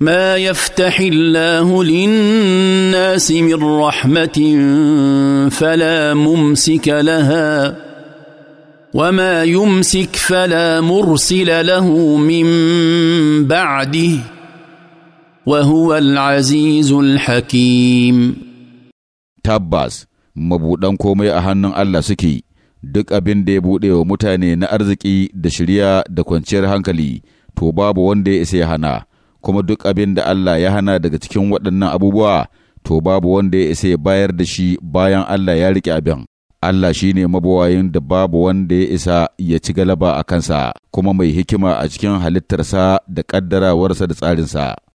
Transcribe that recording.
ما يفتح الله للناس من رحمه فلا ممسك لها وما يمسك فلا مرسل له من بعده وهو العزيز الحكيم tabbas mabuɗan komai a hannun Allah suke duk abin da ya buɗe wa mutane na arziki da shirya da kwanciyar hankali to babu wanda ya isa ya hana kuma duk abin da Allah ya hana daga cikin waɗannan abubuwa to babu wanda ya isa ya bayar da shi bayan Allah ya riƙe abin. Allah shi ne mabawayin da babu wanda ya isa ya ci galaba a kansa, kuma mai hikima a cikin halittarsa da ƙaddarawarsa da tsarinsa.